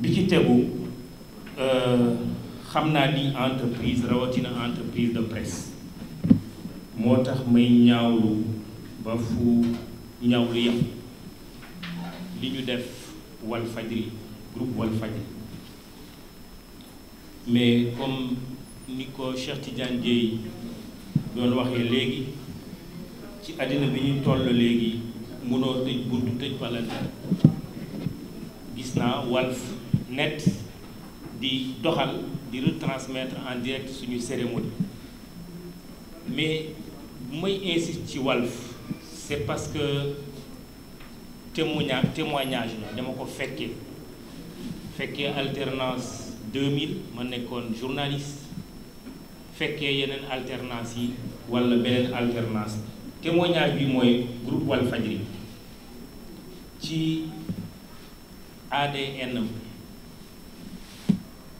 bi ci tegu euh, xam naa ni entreprise rawatina entreprise de presse moo tax may ñaawlu ba fu ñaawlu yem li ñu def Walfadjri groupe Walfadjri mais comme ni ko Cheikh Tidiane Dieye doon waxee léegi ci àddina bi ñu toll léegi mënoo tëj buntu tëj palanteer gis naa Walf net di doxal di retransmettre en direct suñu cérémonie mais bu may insiste ci Walf c'est parce que témoignage témoignage la dama ko fekkee fekkee alternance 2000 ma nekkoon journaliste fekkee yeneen alternance yi walla beneen alternance bi témoignage bi mooy groupe Walfadjri ci ADN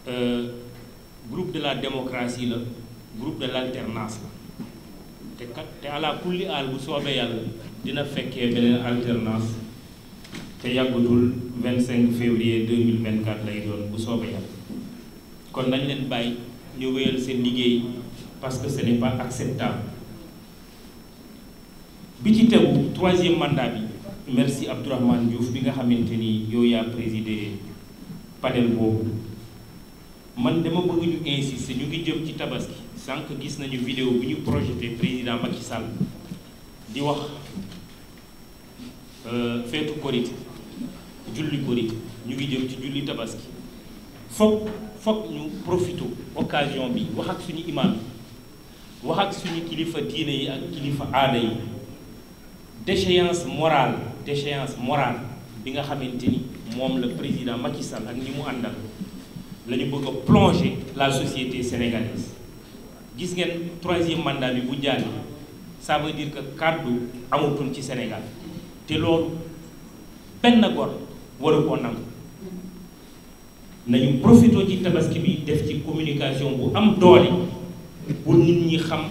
euh, groupe de la démocratie la groupe de l'alternance la te kat te ala kulli aal bu soobee yàlla dina fekkee beneen alternance te yàggutul 25 février 2024 lay doon bu soobee yàlla kon nañ leen bàyyi ñu wéyal seen liggéey parce que ce n'est pas acceptable bi ci tegu troisième mandat bi merci Abdourahmane Diouf bi nga xamante ni yow yaa présidé panel boobu man dama bëgg ñu insister ñu ngi jëm ci tabaski sànq gis nañu vidéo bu ñu projeté président Macky Sall di wax euh, feetu korit julli korite ñu ngi jëm ci julli tabaski foog foog ñu profité occasion bi wax ak suñu imam wax ak suñu kilifa diine yi ak kilifa aada yi déchéance morale déchéance morale bi nga xamante ni moom la président Macky Sall ak ñi mu àndal la bëgg a la société sénégalaise gis ngeen troisième mandat bi bu jàll ça veut dire que kàddu amatul ci Sénégal te loolu benn góor waru ko nangu nañu profité ci tabaski bi def ci communication bu am doole pour nit ñuy xam.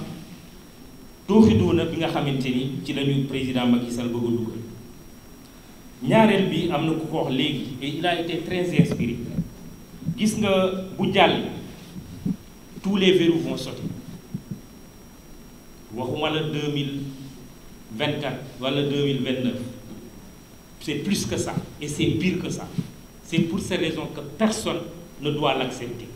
tuuxiduuna bi nga xamante ni ci lañu président Macky Sall bëgg a ñaareel bi am na ku ko wax léegi et il a été très inspiré gis nga bu jàll tous les verrous vont sauter waxuma la deux mille vingt quatre wala deux mille vingt neuf c'est plus que ça et c'est pire que ça c'est pour ces raisons que personne ne doit l'accepter